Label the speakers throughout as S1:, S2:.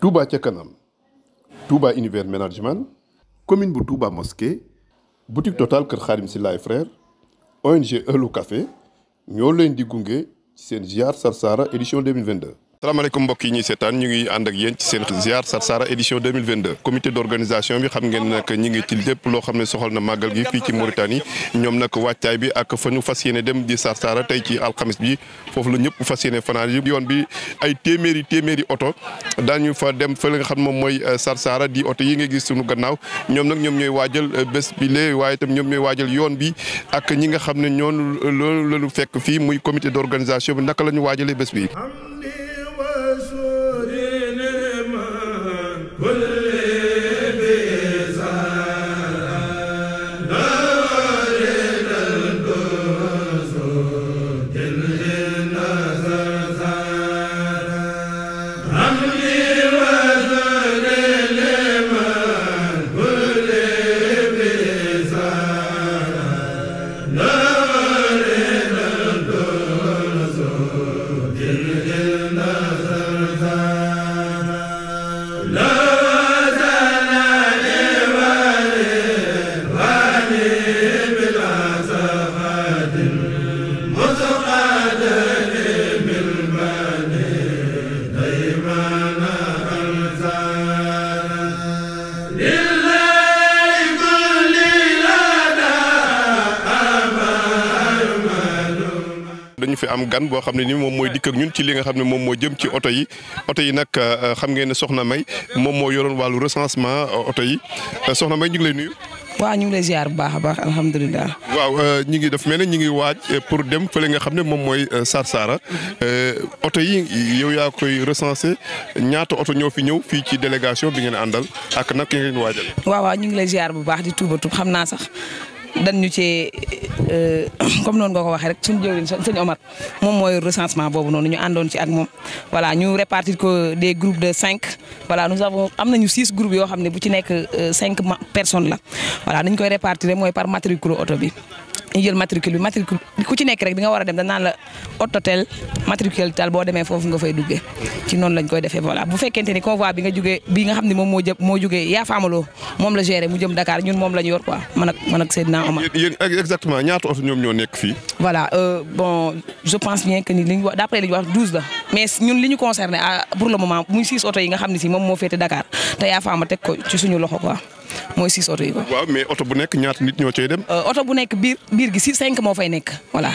S1: Touba ca kanam Touba univers management commune bu Touba mosquée boutique Total kër Xaadim Sylla et frères ONG Eulo Café ñoo leen di gunge seen ziar Sarsara édition 2022 salaamaaleykum mbokk yi ñuy seetaan ñu ngi ànd ak yéen ci seen ziar Sarsara édition 2022 comité d'organisation bi xam ngeen nag ñi ngi ci lépp loo xam ne soxal na màggal gi fii ci Mauritanie ñoom nag wàccaay bi ak fa ñu fas yéene dem di Sarsara tey ci alxamis bi foofu la ñëpp fas yéene fanaan yi yoon bi ay téeméeri téeméeri oto daañu fa dem fa la nga xam moom mooy euh, Sarsara di oto yi nga gis suñu gannaaw ñoom nag ñoom ñooy waajal euh, bés bi lee waaye itam ñoom ñooy waajal yoon bi ak ñi nga xam ne ñoonu loolu lañu fekk fii muy comité d'organisation bi naka la ñu waajalee bés bi wala gan boo xam ne ni moom mooy dikk ñun ci li nga xam ne moom moo jëm ci oto yi oto yi nag euh, xam ngeen ne soxna May moom moo yoroon wàllu recensement euh, oto yi euh, soxna May ñu ngi lay nuyu. waa ñu ngi
S2: lay ziar bu baax a baax alhamdulilah.
S1: waaw ñu ngi def mel ne ñu ngi waaj pour dem fële nga xam ne moom mooy Sarsara mm-hmm. oto yi yow yaa koy recensé ñaata oto ñoo fi ñëw fii ci délégation bi ngeen àndal ak nag ngeen waajal.
S2: naa sax dañ ñu Euh, comme noonu nga ko waxee rek suñu jëwriñ sëñ Omar moom mooy recensement boobu noonu ñu àndoon ci ak moom voilà ñu répartir ko des groupes de cinq voilà nous avons am nañu six groupe yoo xam ne bu ci nekk euh, cinq personnes la voilà dañ koy répartir mooy par matricule oto bi ñu jël matricule bi matricule ku ci nekk rek bi nga war a dem danaan la ototel matricule tal boo demee foofu nga fay duggee ci noonu lañ koy defee voilà bu fekkente ni convoi bi nga jugee bi nga xam ne moom moo jë moo jugee yaa faamaloo moom la géré mu jëm Dakar ñun moom la ñu yor quoi
S1: man ak man ak Seydina Omar. yéen exactement ñaata oto euh, ñu
S2: wax d' ah, muy six oto yi nga xam ne si moom moo féete dakaar te yaa teg ko ci suñu loxo ko
S1: mooy six oto yi quoi. waaw mais oto bu nekk ñaata nit ñoo cay dem.
S2: Euh, oto bu nekk biir biir gi si cinq moo fay nekk voilà.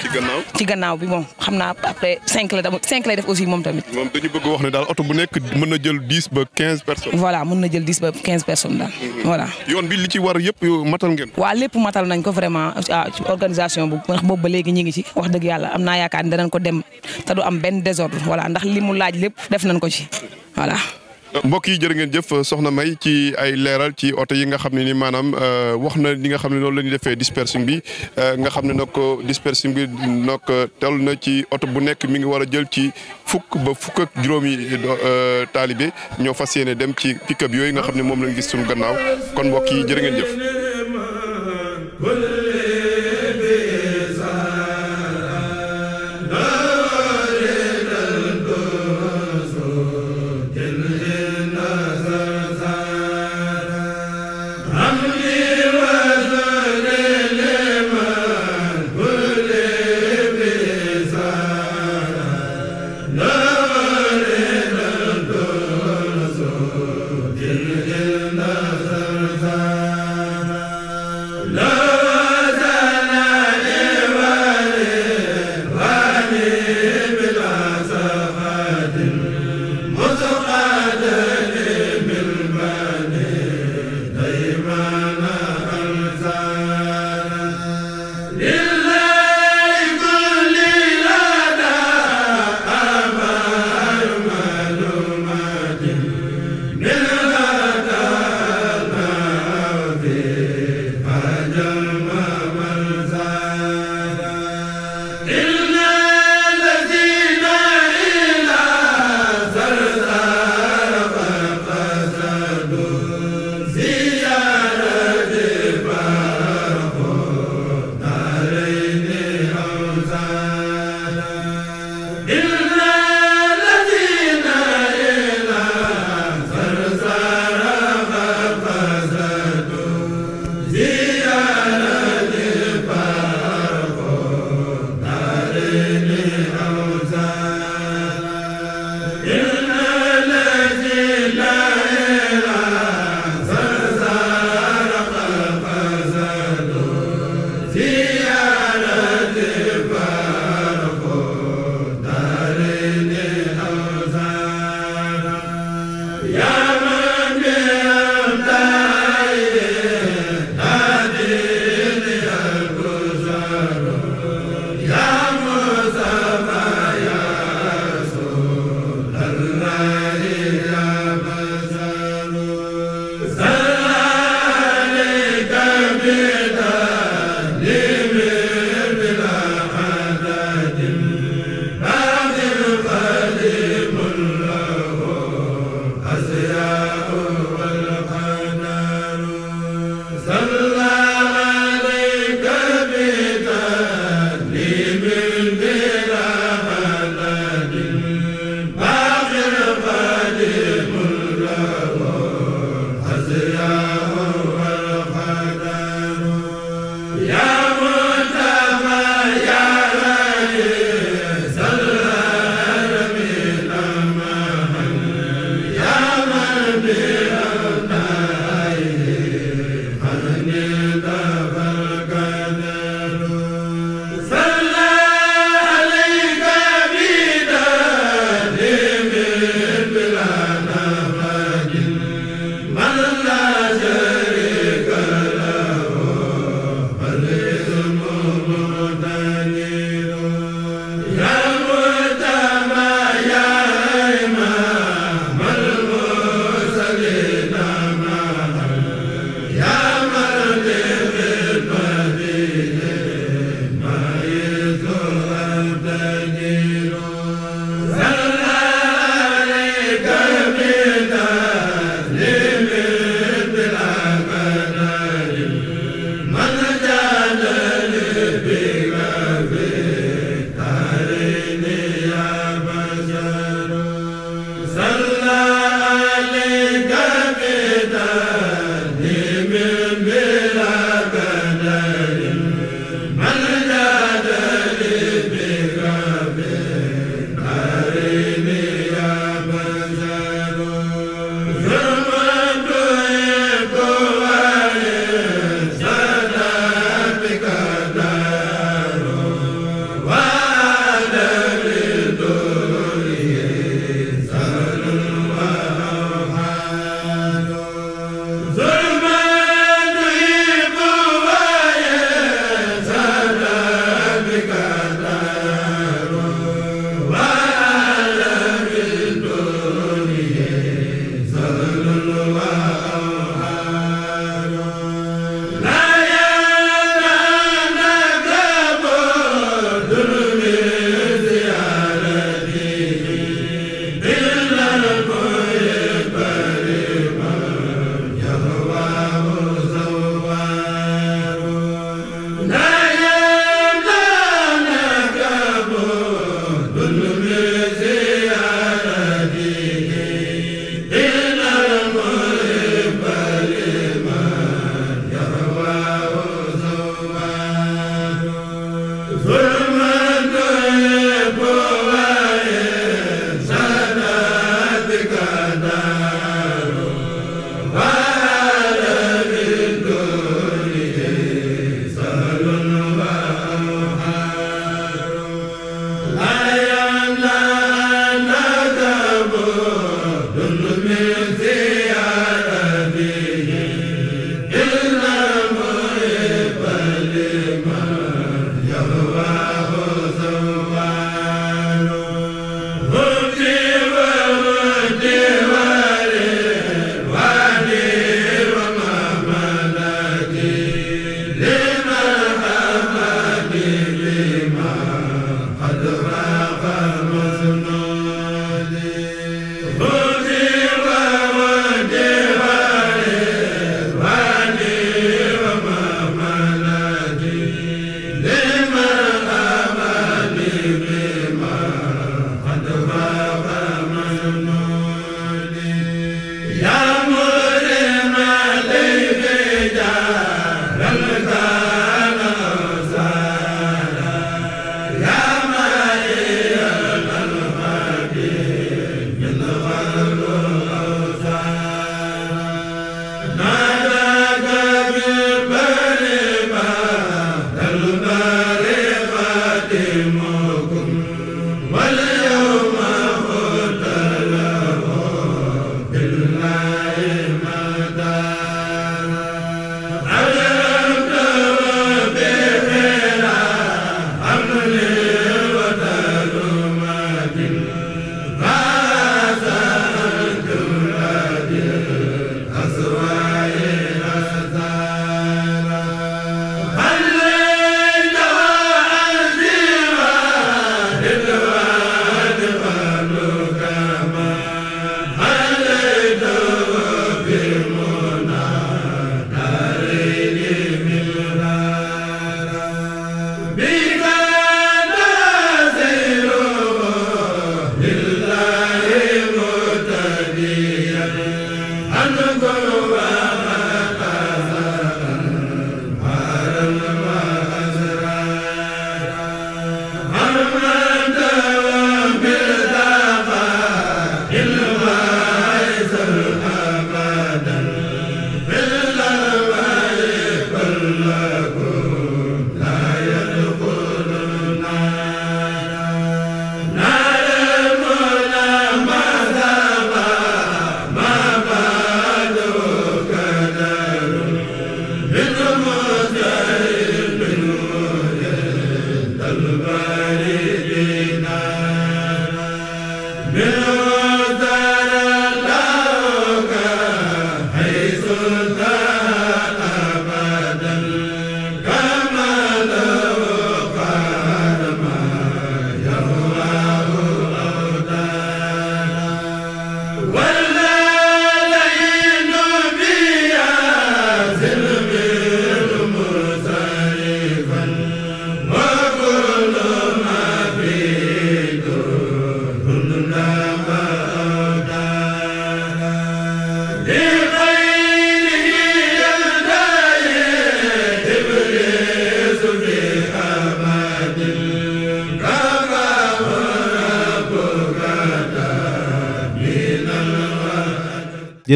S2: ci gannaaw bi moom xam naa après cinq la cinq lay def aussi moom tamit.
S1: moom dañu bëgg wax ne daal oto bu nekk mën na jël dix ba quinze personnes. voilà
S2: mën na jël dix ba quinze personnes daal. Mhm. voilà
S1: yoon bi li ci war yëpp matal ngeen. waa
S2: lépp matal nañ ko vraiment ah, organisation bu ndax boobu ba léegi ñu ngi ci wax dëgg yàlla am naa yaakaar ne danañ ko dem te du am benn désordre voilà ndax li mu laaj lépp def nañ ko ci
S1: voilà mbokk yi jërë ngeen jëf soxna May ci ay leeral ci oto yi nga xam ne ni maanaam euh, wax na li nga xam ne noonu la ñuy defee dispersing bi euh, nga xam ne nag dispersing bi nag toll na ci oto bu nekk mi ngi war a jël ci fukk ba fukk ak juróomi euh, taalibe ñoo fas yéene dem ci pick-up yooyu nga xam ne moom lañ gis suñu gannaaw kon mbokk yi jërë ngeen jëf.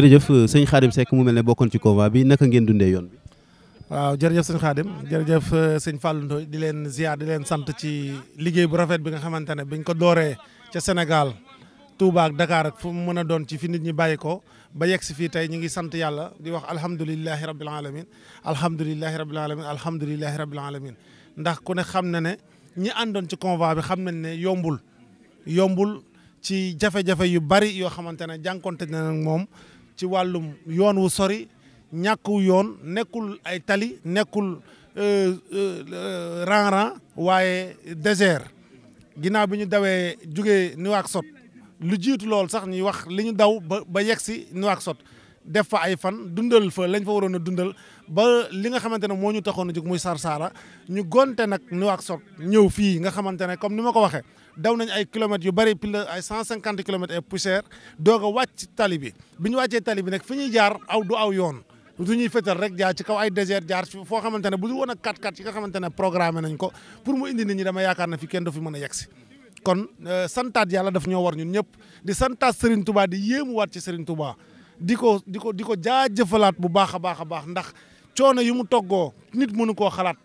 S3: jërëjëf euh, sëñ Khadim Seck mu mel ne bokkoon ci convoi bi naka ngeen dundee yoon bi.
S4: jër jërëjëf sëñ Khadim jërëjëf euh, sëñ Fallou di leen ziar di leen sant ci liggéey bu rafet bi nga xamante ne biñ ko dooree ca Sénégal tuubaak dakaar Dakar ak fu mu mën a doon ci fi nit ñi bàyyi ko ba yegg si fii tey ñu ngi sant yàlla di wax alhamdulilahi rabil alamin alhamdulilahi rabil alamin alhamdulilahi rabil alamin ndax ku ne xam na ne ñi àndoon ci convoi bi xam na ne yombul yombul ci jafe-jafe yu bari yoo xamante ne jànkonte na nag ci wàllum yoon wu sori ñàkku yoon nekkul ay tali nekkul euh, euh, rang rang waaye désert ginnaaw bi ñu dawee jugee Nouakchott lu jiitu lool sax ñuy wax li ñu daw ba ba yegg si Nouakchott def fa ay fan dundal fa lañ fa waroon a dundal ba li nga xamante ne moo ñu taxoon a jóg muy Sarsara ñu gonte nag Nouakchott ñëw fii nga xamante ne comme ni ma ko waxee daw nañ ay kilomètres yu bëri pile ay cent cinquante kilomètres et poussière doog a wàcc tali bi bi ñu wàccee tali bi nag fi ñuy jaar aw du aw yoon du ñuy fétal rek jaar ci kaw ay désert jaar foo xamante bu dul woon ak 4x4 yi nga ne programmé nañ ko pour mu indi nit ñi dama yaakaar na fi kenn du fi mën a yegg si kon euh, santaat yàlla daf ñoo war ñun ñëpp di santaat Serigne tubaa di yéemuwaat ci Serigne Touba di ko di ko di ko jaajëfalaat bu baax a baax a baax ndax coono yi mu toggoo nit mënu koo xalaat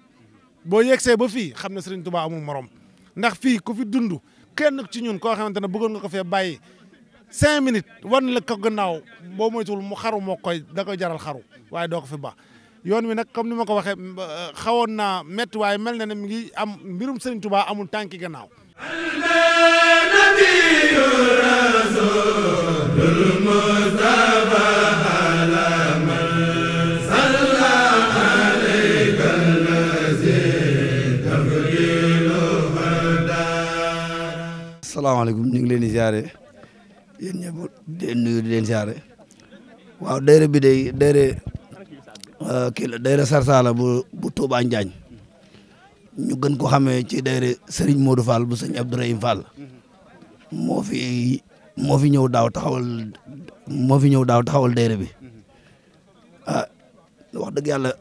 S4: boo yegsee ba fii xam ne Serigne Touba amul morom ndax fii ku fi dund kenn ci ñun ko xamante ne bëggoon nga ko fee bàyyi cinq minutes wan la ko gannaaw boo moytuwul mu xaru moo koy da koy jaral xaru waaye doo ko fi ba yoon wi nag comme ni ma ko waxee xawoon naa métti waaye mel na ne mi ngi am mbirum Sëriñ Tuubaa amul tànki gannaaw.
S5: Nabiyu Rasulul Mustafa
S6: salaamaaleykum ñu ngi leen di ziare yéen ñëpp waaw dayre bi day dayre euh, kii la dayre Sarsala bu bu Njaañ ñu gën ko xamee ci dayre Serigne Modou Fall bu sëñ Abdourahim Fall moo fi ñëw daaw taxawal moo fi ñëw daaw dayre bi ah wax dëgg yàlla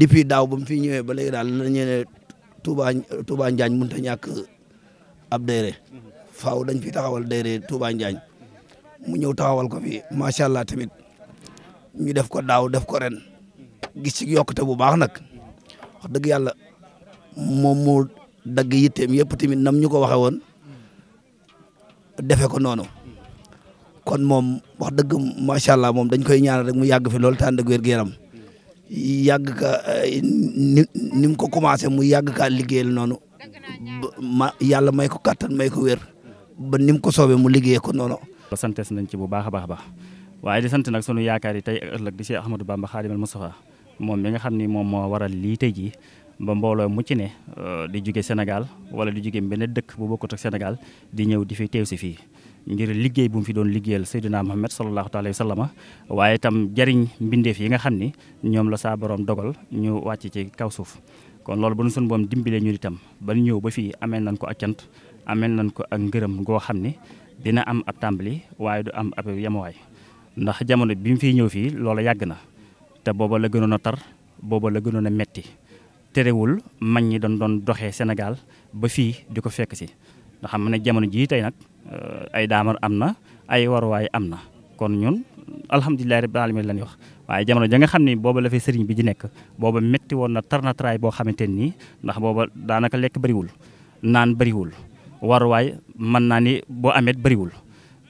S6: depuis daaw ba fi ñëwee ba la ñu ne Touba Njaañ mënut a ab dayre faaw dañ fi taxawal dayre Touba Njaañ mu ñëw taxawal ko fi macha allah tamit ñu def ko daaw def ko ren gis ci yokkute bu baax nag wax dëgg yàlla moom mu dagg yitteem yëpp tamit nam ñu ko waxe woon defe ko noonu kon moom wax dëgg macha allah moom dañ koy ñaanal rek mu yàgg fi loolu tànn ak wér-gu-yaram yàgg ka eh, ni ko commencé mu yàgg kaa liggéeyal noonu ma yàlla may ko kattan may
S7: ko wér ba ni mu ko soobee mu liggéey ko noonu. santes nañ ci bu baax a baax a baax waaye nag sunu yaakaar yi tey ëllëg di Cheikh Ahmadou Bamba Khadimal Moustapha moom mi nga xam ni moom moo waral lii tey jii ba mbooloo mu ci ne euh, di jóge Sénégal wala di jóge benn dëkk bu bokkut ak Sénégal ñëw di fi teew si fii. ngir liggéey bu mu fi doon liggéeyal Seydina Muhammad sallallahu alayhi wa sallam waaye itam jariñ mbindeef yi nga xam ni ñoom la saa borom dogal ñu wàcc ci kaw suuf. kon loolu ba nu suñu boom dimbalee ñun itam ba ñëw ba fii amee nañ ko ak cant ameel nañ ko ak ngërëm goo xam ne dina am ab tàmbali waaye du am ab yemawaay ndax jamono bi mu fi ñëw fii loola yàgg na te booba la gënoon a tar booba la gënoon a metti terewul mag ñi doon doon doxee Sénégal ba fii di ko fekk si nga xam ne jamono jii tey nag euh, ay daamar am na ay waruwaay am na kon ñun alhamdulilahi rabbil la lañuy wax waaye jamono ja nga xam ne booba la fay sëriñ bi di nekk booba métti woon na tar na taraay boo xamante nii ndax booba daanaka lekk bëriwul naan bëriwul waay man naa ni boo amet bariwul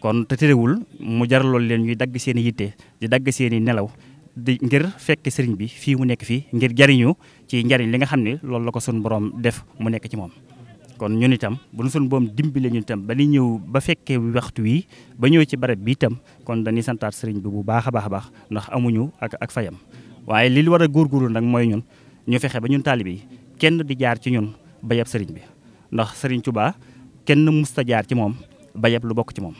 S7: kon te terewul mu jar loolu leen ñuy dagg seeni i yitte di dagg seeni nelaw di ngir fekk sëriñ bi fii mu nekk fii ngir jariñu ci njariñ li nga xam ne loolu la ko sunu boroom def mu nekk ci moom kon ñun itam bu nu suñu boom dimbilee ñun itam ba ni ñëw ba fekkee waxtu wii ba ñëw ci barab bi itam kon dañuy santaat sëriñ bi bu baax a baax a baax ndax amuñu ak ak fayam waaye lii li war a góor góorgóorlu nag mooy ñun ñu fexe ba ñun taalibe yi kenn di jaar ci ñun ba sëriñ bi ndax sëriñ Tuubaa kenn musta jaar ci moom ba lu bokk ci moom.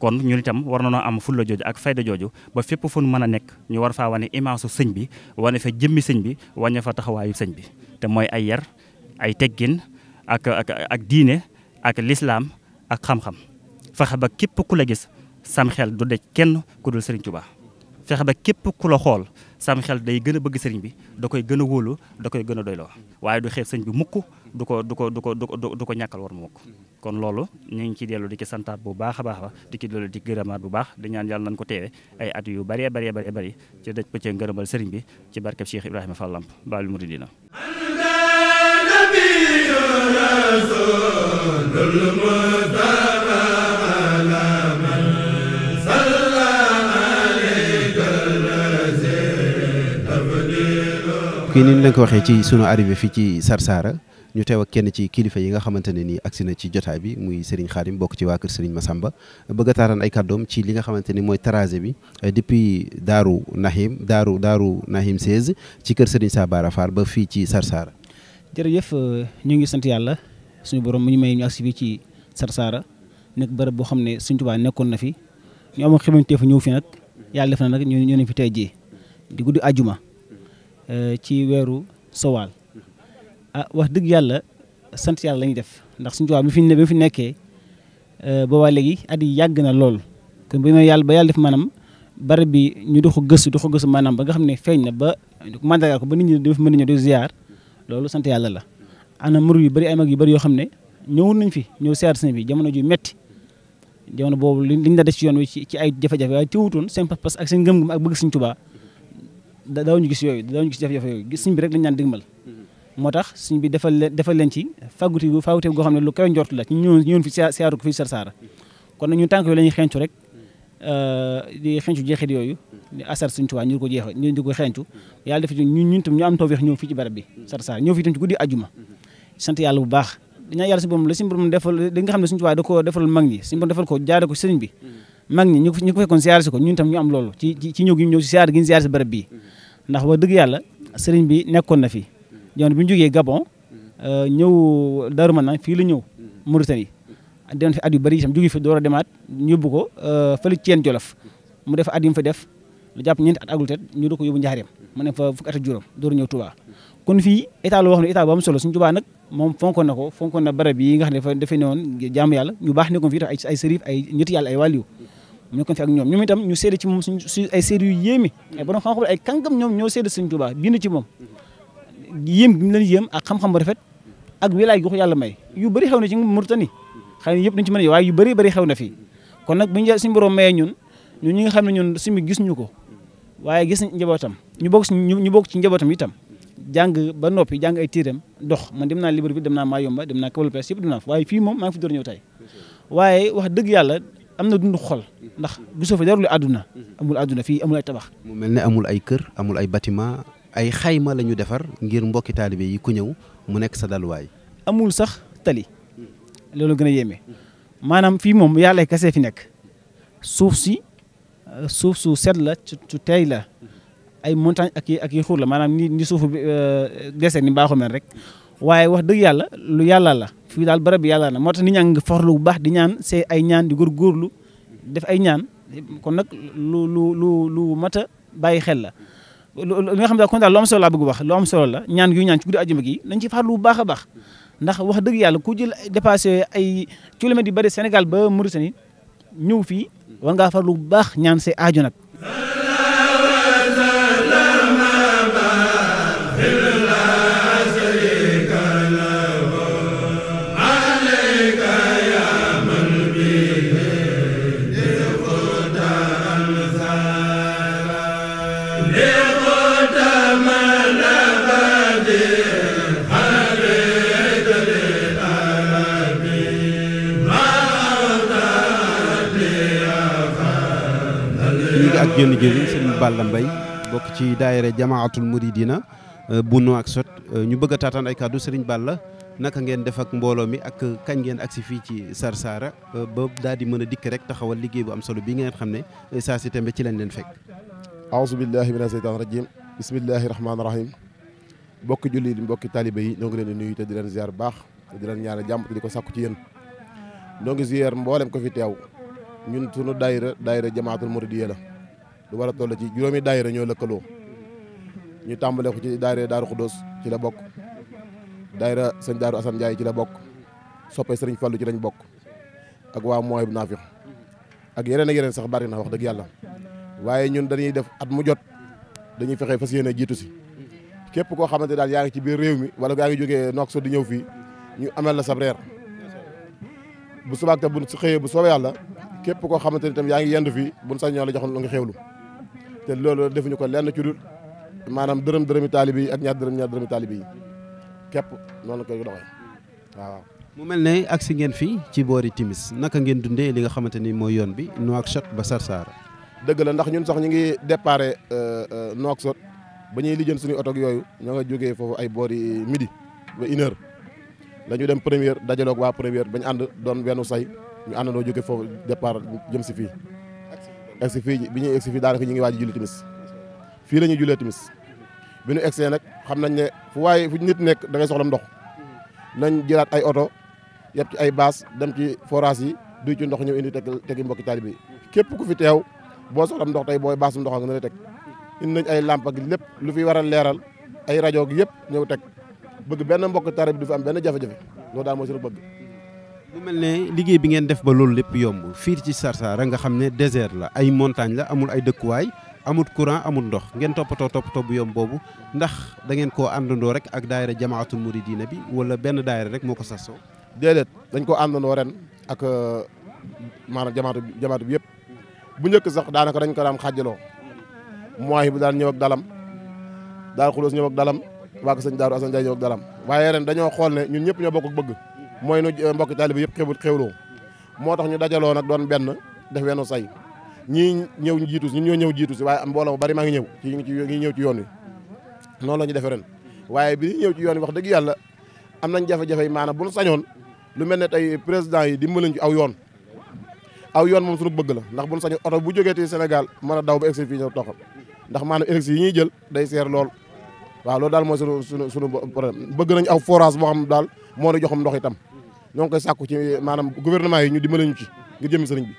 S7: kon ñun itam war nañoo am fulla jooju ak fayda jooju ba fépp fu nu mën a nekk ñu war faa wane imaasu sëñ bi wane fa jëmmi sëñ bi wane fa sëñ bi te mooy ay yar ay teggin ak ak ak diine ak lislaam ak xam-xam fexe ba képp ku la gis sam xel du daj kenn ku dul Serigne Touba fexe ba képp ku la xool sam xel day gën a bëgg sëriñ bi da koy gën a wóolu da koy gën a doyloo waaye du xeeb sëñ bi mukk du ko du ko du ko du ko ñàkkal war ma mukk kon loolu ñu ngi ci dellu di ci santaat bu baax a baax la di ci dellu di gërëmaat bu baax di ñaan yàlla nañ ko teewe ay at yu bare bëree bëree bëri ci dëj pëccee ngërëmal sëriñ bi ci barkeb Cheikh Ibrahima Fall
S3: kii ni leen ko waxee ci sunu arrivé fii ci Sarsara ñu teew ak kenn ci kilifa yi nga xamante ne nii agsi na ci jotaay bi muy Serigne Khadim bokk ci waa kër ma samba bëgg a taataan ay kàddoom ci li nga xamante ni mooy tracé bi eh, depuis Daaru Nahim Daaru Daaru ci kër Serigne Sabara Fall ba fii ci Sarsara
S8: jërëjëf euh, ñu ngi sant yàlla suñu borom mu ñu may ñu agsi fii ci Sarsara nekk bërëb boo xam ne Sëñ Tuubaa nekkoon na fi ñu amoon xamante ñëw fi nag yàlla def na nag ñu ne fi tey jii di guddi àjjuma euh, ci weeru sowaal ah wax dëgg yàlla sant yàlla def ndax suñ Tuubaa bi fi ne fi nekkee euh, boobaa léegi at yi yàgg na lool kon bu ñu yàlla ba yàlla def maanaam bërëb bi ñu dox ko gëstu dox ko gëstu maanaam ba nga xam ne feeñ na ba mandagal ko ba nit ñi dafa mën a ñëw di ziar loolu sant yàlla la ana mur yu bëri ay mag yu bëri yoo xam ne ñëwoon nañ fi ñëw seer sëñ bi jamono ju metti jamono boobu liñ la des ci yoon wi ci ñu gis yooyu daaw ñu goo xam lu rek Euh, di xencu jeexit yooyu asar suñ tuwaa ñu ko jeex ñu di ko xencu yàlla def ñu ñun tam ñu am tawfeex ñëw fii ci bara bi sar sar ñëw fii tam ci guddi ajuma sant yàlla bu baax dañaa yàlla suñu borom la suñu borom defal li nga xam ne suñu tuwaa da ko defal mag ñi suñu ko jaare ko sëriñ bi mag ñi ñu ñu ko fekkoon siyaare si ko ñun tam ñu am loolu ci ci gi ñëw si gi ñu si barab bii ndax wax dëgg yàlla sëriñ bi nekkoon na fi jamono bi ñu jógee Gabon euh, ñëw Darou Manane fii la ñëw Mauritanie doon fi at yu bëri itam jóge fi a ñu yóbbu ko euh, fële ko yóbbu Njaareem mu ne fa fukki at ak na ko fonkoon na barab yi nga xam ne dafa dafay newoon jaamu yàlla ñu baax nekkoon fii tax ay sërif ay ñetti yàlla ay wàlliyu mu nekkoon fi ak ñoom itam ay seede yu yéeme ay borom xam-xam ay kàngam ñoom ñoo seede suñu Touba bind ci moom yéem bi mu leen ak xam-xam bu rafet ak wilaay gu ko yàlla may yu bëri xew na ci Mauritanie xay na yëpp duñ ci mën a waaye yu bëri bëri xew na fii kon nag bu ñu suñu borom mayee ñun ñun ñi nga xam ne ñun suñu gis ñu ko waaye gis njabootam ñu bokk ci ñu bokk ci njabootam itam jàng ba noppi jàng ay tiiram dox man dem naa libre bi dem naa Mayumba dem naa Kabalu Pes yëpp dem naa waaye fii moom maa ngi fi door ñëw tey waaye wax dëgg yàlla am na dund xol ndax gisoo fa dara lu àdduna amul àdduna
S3: fii amul ay tabax mu mel ne amul ay kër amul ay bâtiment ay xayma la ñu defar ngir mbokki taalibe yi ku ñëw mu nekk sa dalwaay amul sax tali loolu gën a yéeme
S8: maanaam fii moom yàlla kese fi nekk suuf si suuf su set la su tey la ay montagne ak ak yi xuur la maanaam ni ni suufu euh, dese ni baaxu mel rek waaye wax dëgg yàlla lu yàlla la fii daal barab bi yàlla na moo tax nit ñaa ngi forlu bu baax di ñaan see ay ñaan di góorgóorlu def ñaan kon nag lu lu lu lu mat a bàyyi xel la lu nga xam daal kon daal lu am solo laa bëgg wax lu la ñaan yu ñaan ci guddi ajuma gi nañ ci farlu bu baax a baax ndax wax dëgg yàlla ku jël dépassé ay kilomètres yu bari senegal ba Mauritanie ñëw fii war ngaa farlu bu baax ñaan say aaju nag.
S9: Yeah.
S3: ak jënn jëriñ sëriñ Balla Mbay bokk ci daayira jamaatul na euh, bu nu ak sot euh, ñu bëgg a taataan ay kàddu sëriñ la naka ngeen def ak mbooloo mi ak kañ ngeen ak si fii ci Sarsara euh, ba daal di mën a dikk rek taxawal liggéey bu am solo bi ngeen xam ne saa si tembe ci lañ leen fekk
S10: aousu billahi mina seytaan rajim bismillahi rahmaani rahim mbokki julli di mbokki taalibé yi ñoo ngi leen di nuyu te di leen ziar baax te di leen ñaanal jàmm te di ko sàkku ci yéen ñoo ngi ziar mboolem ko fi teew ñun sunu daayira daayira jamaatul muridiyya la du war a toll ci juróomi daayira ñoo lëkkaloo ñu tàmbale ko ci daayira Daaru Xudóos ci la bokk daayira sëñ Daaru Asan ci la bokk soppe sëriñ Fallu ci lañ bokk ak waa mooy bu naafix ak yeneen ak sax bari na wax dëgg yàlla waaye ñun dañuy def at mu jot dañuy fexe fas yéene jiitu si képp koo xamante daal yaa ngi ci biir réew mi wala gaa ngi jógee noog so di ñëw fii ñu amel la sab reer bu subaak te bu su xëyee bu soobee yàlla képp koo xamante ni tam yaa ngi yendu fii buñ sañoo la joxoon lu nga xewlu te loolu defuñu ko lenn ci dul maanaam dërëm dërëmi taalibe yi ak ñaar dërëm ñaar dërëmi taalibe yi képp noonu koy doxee waaw.
S3: mu mel ne si ngeen fii ci boori timis naka ngeen dundee li nga xamante ni mooy yoon bi Nouakchott ba Sarsara.
S10: dëgg la ndax ñun sax ñu ngi déparé euh, euh, Nouakchott ba ñuy lijjën suñu otoog yooyu ñoo nga jógee foofu ay boori midi ba une heure la ñu dem première dajaloog waa première ba ñu ànd doon benn say ñu àndandoo jógee foofu départ jëm si fii. egsi fii bi ñuy egsi fii daanaka ñu ngi waaj julli timis fii la ñuy jullee timis bi ñu egsee nag xam nañ ne fu waaye fu nit nekk da ngay soxla ndox nañ jëlaat ay oto yëpp ci ay baas dem ci forage yi duy ci ndox ñëw indi teg tegi mbokki taalibe yi képp ku fi teew boo soxla ndox tey booy baasum ndox ak na la teg indi nañ ay lamp ak lépp lu fi waral leeral ay rajo gi yëpp ñëw teg bëgg benn mbokk taalibe bi du fi am benn jafe-jafe loolu daal mooy suñu bëgg
S3: lu mel ne liggéey bi ngeen def ba loolu lépp yomb fii ci rek nga xam ne désert la ay montagne la amul ay dëkkuwaay amul courant amul ndox ngeen toppatoo toppatoo bu yomb boobu ndax dangeen koo àndandoo rek ak daayira jamaatul diine bi wala benn daayira rek moo ko sasoo déedéet dañ ko àndandoo ren
S10: ak euh, maanaam jamaatu jamaatu bi yëpp bu njëkk sax daanaka dañ ko daan xaajaloo mois bu daan ñëw dalam daal xuloos ñëw ak dalam waa ko sëñ Daaru Asan Njaay waaye ren dañoo xool ne ñun ñëpp ñoo bokk bëgg mooy nu euh, mbokki taalibe yëpp xewul xewloo moo tax ñu dajaloo nag doon benn def wenn say ñii ñëw jiitu si ñun ñoo ñëw jiitu si waaye am mbooloo bari maa ngi ñëw ci ñi ñëw ci yoon wi noonu la ñu defee ren waaye bi ñëw ci yoon yi wax dëgg yàlla am nañ jafe-jafe yi maanaam bu ñu sañoon lu mel ne tey président yi dimbalañ ci aw yoon aw yoon moom suñu bëgg la ndax bu ñu sañoon oto bu jógee ti Sénégal mën a daw ba egsi fii ñëw toxal ndax maanaam élection yi ñuy jël day seer lool waaw loolu daal mooy sunu sunu sunu problème bëgg nañ aw forage boo xam daal moo di joxam ndox ñoo ngi koy sàkku ci maanaam gouvernement yi ñu dimbale ñu ci ngir jëmi sëriñ bi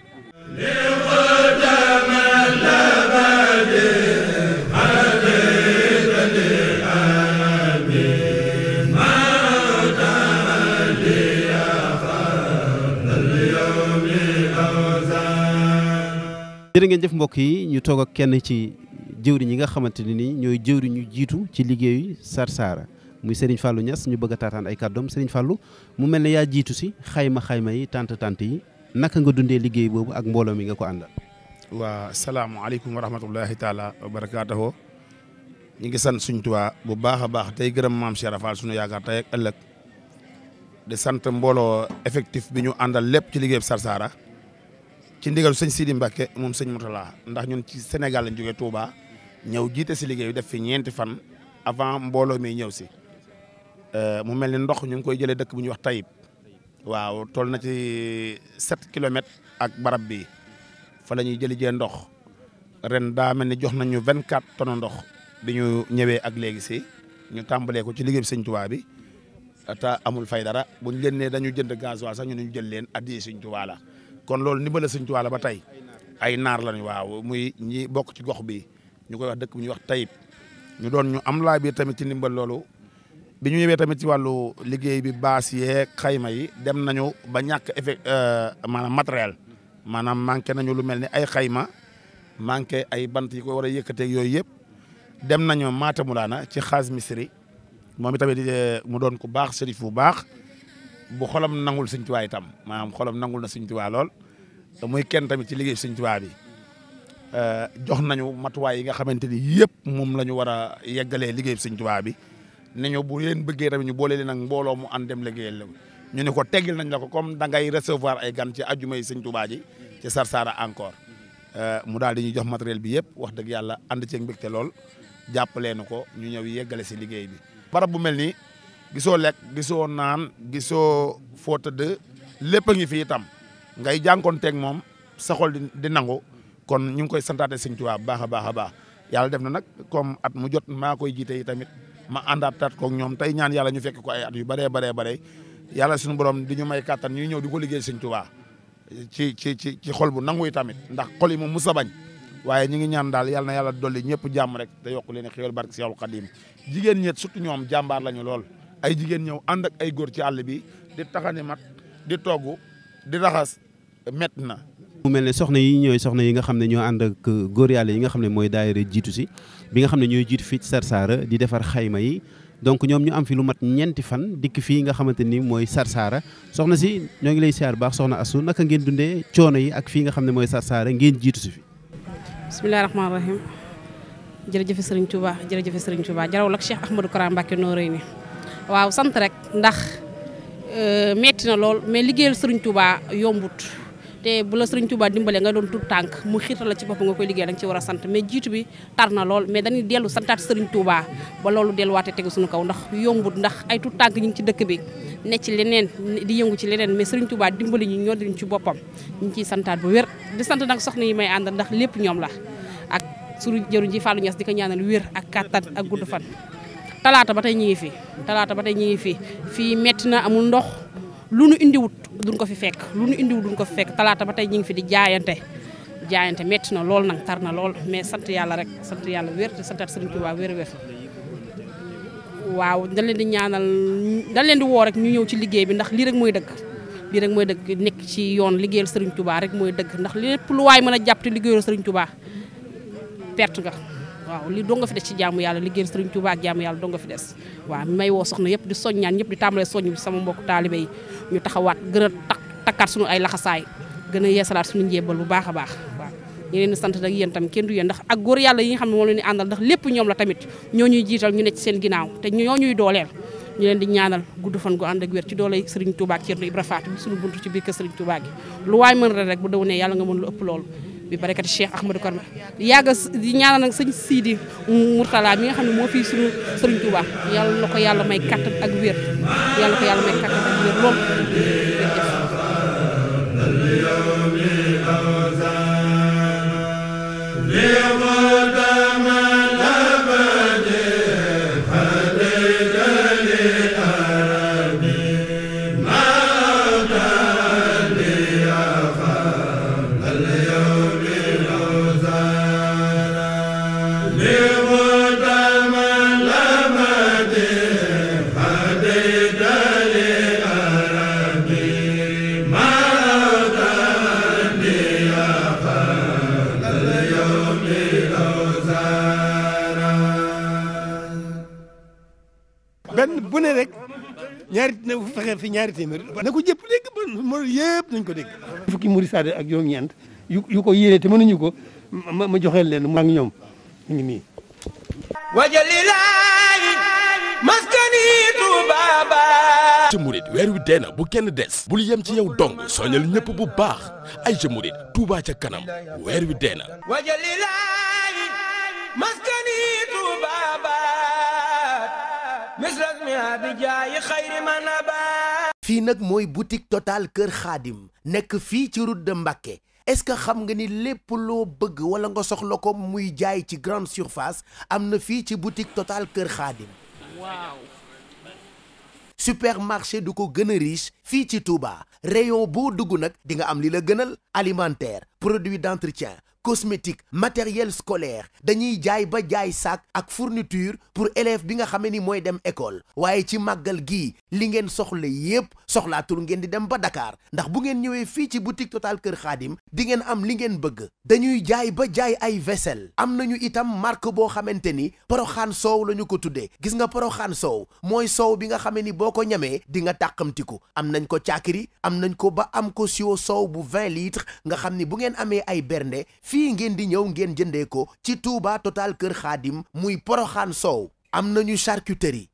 S3: jërë ngeen jëf mbokk yi ñu toog ak kenn ci jëwriñ ñi nga xamante ne ni ñooy jëwriñ ñu jiitu ci liggéeyu Sarsara muy Serigne Fallou ñas ñu bëgg a taataan ay kàddoom Serigne Fallou mu mel ne yaa jiitu si xayma xayma yi tànt tant yi naka nga dundee liggéey boobu ak mbooloo mi nga ko àndal.
S11: waa aleykum wa rahmatullahi taala wa barakaatuhu ñu ngi sant suñ Tuubaa bu baax a baax tey gërëm maam Cheikh Rafal suñu yaakaar tey ak ëllëg di sant mbooloo effectif bi ñu àndal lépp ci liggéeyam Sarsara ci ndigal sëñ Sidi Mbacke moom sëñ Moutala ndax ñun ci Sénégal lañ jógee Touba ñëw jiite si liggéey bi def fi ñeenti fan avant mbooloo mi ñëw si. Euh, mu mel ni ndox ñu ngi koy jëlee dëkk bu ñu wax Tayib waaw toll na ci sept kilomètres ak barab bi fa la ñuy jëli jee ndox ren daa mel ni jox nañ ñu vingt quatre tonnes ndox bi ñu ñëwee ak léegi si ñu tàmbalee ko ci liggéey Sëñ Tuubaa bi te amul fay dara bu ñu leen nee dañu jënd gasoil sax ñu ñu jël leen addi Sëñ Tuubaa kon loolu ndimbal Sëñ Tuubaa la ba tey ay naar lañu waaw muy ñi bokk ci gox bi ñu koy wax dëkk bu ñuy wax Tayib ñu doon ñu am laa bi tamit ci ndimbal loolu bi ñu ñëwee tamit ci wàllu liggéey bi baas yee xayma yi dem nañu ba ñàkk effet euh, maanaam matériel maanaam manqué nañu lu mel ni ay xayma manqué ay bant yi ko war a yëkkateeg yooyu yëpp dem nañu maatamulaana ci xaas misri moom itamit euh, mu doon ku baax sërif bu baax bu xolam nangul Sëñ Tuubaa itam maanaam xolam nangul na Sëñ Tuubaa lool muy kenn tamit ci liggéey Sëñ Tuubaa bi euh, jox nañu matuwaay yi nga xamante ni yëpp moom la ñu war a yeggalee liggéey Sëñ Tuubaa bi ne ñu bu leen bëggee tamit ñu boole leen ak mbooloo mu ànd dem liggéeyal la ñu ne ko teggil nañ la ko comme da ngay recevoir ay gan ci ajuma yi sëñ Tuubaa ji ci Sarsara encore euh, mu daal di ñu jox matériel bi yëpp wax dëgg yàlla ànd ceeg mbégte lool jàppalee na ko ñu ñëw yeggale si liggéey bi. barab bu mel nii gisoo lekk gisoo naan gisoo foo tëdd lépp a ngi fi itam ngay jànkoonteeg moom sa xol di nangu kon ñu ngi koy santaate sëñ Tuubaa bu baax a baax a baax yàlla def na nag comme at mu jot maa koy jiite tamit. ma àndaat tat ko ñoom tey ñaan yàlla ñu fekk ko ay at yu bare bare bare yàlla suñu borom di ñu may kàttan ñuy ñëw di ko liggéey sëñ Tuubaa ci ci ci ci xol bu yi tamit ndax xol yi moom mu bañ waaye ñu ngi ñaan daal yàlla na yàlla dolli ñëpp jàmm rek te yokk leen xéwal barke Seexul Xadiim jigéen ñeet surtout ñoom jàmbaar lañu lool ay jigéen ñëw ànd ak ay góor ci àll bi di taxani mat di togg di raxas mett na
S3: mu mel ne soxna yi ñëwee soxna yi nga xam ne ñoo ànd ak góor yàlla yi nga xam ne mooy daayira jiitu si bi nga xam ne ñooy jiitu fii ci Sarsara di defar xayma yi donc ñoom ñu am fi lu mat ñeenti fan dikk fii nga xamante ni mooy Sarsara soxna si ñoo ngi lay siyaar baax soxna Astou naka ngeen dundee coono yi ak fii nga xam ne mooy Sarsara ngeen jiitu si fi.
S12: bisimilah rahmaani rahim jërëjëf sëriñ Touba jërëjëf sëriñ Touba jarawul ak Cheikh Ahmadou Kara Mbacké noo rëy ni waaw sant rek ndax euh, metti na lool mais liggéeyal sëriñ Touba yombut. te bu la Sëriñ Tuubaa dimbale nga doon tut tànk mu xiirtal la ci bopp nga koy liggéey da nga ci war a sant mais jiitu bi tar na lool mais dañuy dellu santaat Sëriñ Tuubaa ba loolu delluwaatee tegu suñu kaw ndax yombut ndax ay tut tànk ñu ngi ci dëkk bi ne ci leneen di yëngu ci leneen mais Sëriñ Tuubaa dimbali ñu ñoo diñ ci boppam ñu ngi santaat bu wér di sant nag soxna yi may àndal ndax lépp ñoom la ak suru jëru ji Fallou Niass di ko ñaanal wér ak kattan ak gudd fan talaata ba tey ñu ngi fi talaata ba tey ñu ngi fi fii metti na amul ndox lu nu indiwut duñ ko fi fekk lu nu indiwut duñ ko fi fekk talaata ba tey ñu ngi fi di jaayante jaayante metti na lool nag tar na lool mais sant yàlla rek sant yàlla weer te santaat sëriñ Tuubaa wér wér waaw dañ leen di ñaanal dañ leen di woo rek ñu ñëw ci liggéey bi ndax lii rek mooy dëgg lii mooy dëgg nekk ci yoon liggéeyal sëriñ Tuubaa rek mooy dëgg ndax lépp lu waay mën a jàpp te liggéeyal sëriñ Tuubaa perte nga waaw li doo nga fi des ci jaamu yàlla liggéeyal sëriñ Tuubaa ak jaamu yàlla doo nga fi des waaw may woo soxna yëpp di soññaan ñëpp di tàmbalee soññ bi sama mbokk taalibe yi ñu taxawaat gën a takkaat suñu ay laxasaay gën a yeesalaat suñu njébbal bu baax a baax waaw ñu sant nag yéen tam kenn du yéen ndax ak góor yàlla yi nga xam ne moom la ñuy àndal ndax lépp ñoom la tamit ñoo ñuy jiital ñu ne ci seen ginnaaw te ñoo ñuy dooleel ñu leen di ñaanal gudd fan gu ànd ak wér ci doole Serigne Touba ak Thierno Ibra Faty bi suñu buntu ci biir kër Serigne Touba gi lu waay mën rek bu daw nee yàlla nga mën lu ëpp loolu bi barakati Cheikh Ahmadou Korma yàgga di ñaanal nag sëñ Sidi Mourtala mi nga xam ne moo fii suñu sëriñ Touba yàlla na ko yàlla may kattan ak wér yàlla ko yàlla may kattan ak wér lool jërëjëf
S13: ñaari na fi ñaari téeméer na ko jëpp dégg ba mo yëpp nañ ko dégg
S4: fukki muri saade ak juróom-ñeent yu yu ko yéene te mënuñu ko ma joxeel leen maa ngi ñoom
S13: ñu ngi nii wajalilaayi maskani tubaaba weer wi dee bu kenn des bul yem ci yow dong soñal ñëpp bu baax Ayca Mouride Touba ca kanam weer wi dee na fii nag mooy boutique Total Kër Xaadim nekk fii ci route de Mbacké est-ce que xam nga ni lépp loo bëgg wala nga soxla ko muy jaay ci grande surface am na fii ci boutique Total Kër Xaadim waaw supermarché du ko gën a riche fii ci Touba rayon boo dugg nag di nga am li la gënal alimentaire produit d'entretien cosmétique matériel scolaire dañuy jaay ba jaay sac ak fourniture pour élève bi nga xamee ni mooy dem école waaye ci màggal gi li ngeen soxla yépp soxlaatul ngeen di dem ba Dakar ndax bu ngeen ñëwee fii ci boutique Total Kër Xaadim di ngeen am li ngeen bëgg dañuy jaay ba jaay ay vaisselle am nañu itam marque boo xamante ni poroxaan soow la ñu ko tuddee gis nga poroxaan soow mooy soow bi nga xam ni boo ko ñamee di nga tàqamtiku am nañ ko caakiri am nañ ko ba am ko siwo soow bu 20 litres nga xam ni bu ngeen amee ay bernde fii ngeen di ñëw ngeen jëndee ko ci Touba Total Kër Xaadim muy Poroxaan soow am nañu charcuterie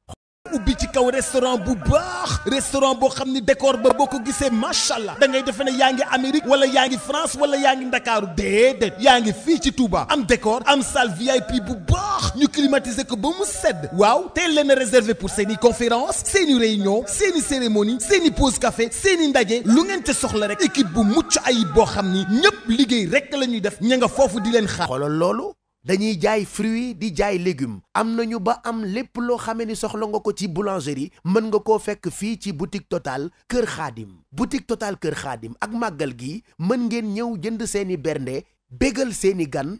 S13: ubbi ci kaw restaurant bu baax restaurant boo xam ni décor ba boo ko gisee macha allah da defe ne yaa ngi Amérique wala yaa ngi France wala yaa ngi Ndakaaru déedéet yaa ngi fii ci Touba am décor am salle VIP bu baax ñu climatiser ko ba mu sedd waaw teel leen réservé pour seen i conférence seen i réunion seen i cérémonie seen i pause café seen i ndaje lu ngeen te soxla rek équipe bu mucc ayib boo xam ni ñëpp liggéey rek la ñuy def ña nga foofu di leen xaar. loolu. dañuy jaay fruits di jaay légumes am nañu ba am lépp loo xamee ni soxla nga ko ci boulangerie mën nga koo fekk fii ci boutique Total Kër Xaadim boutique Total Kër Xaadim ak màggal gi mën ngeen ñëw jënd seeni bernde bégal seeni gan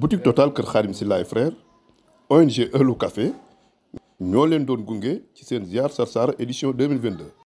S1: boutique Total Kër si laay frère ONG Eulo Café ñoo leen doon gunge ci seen ziar Sar Sara édition 2022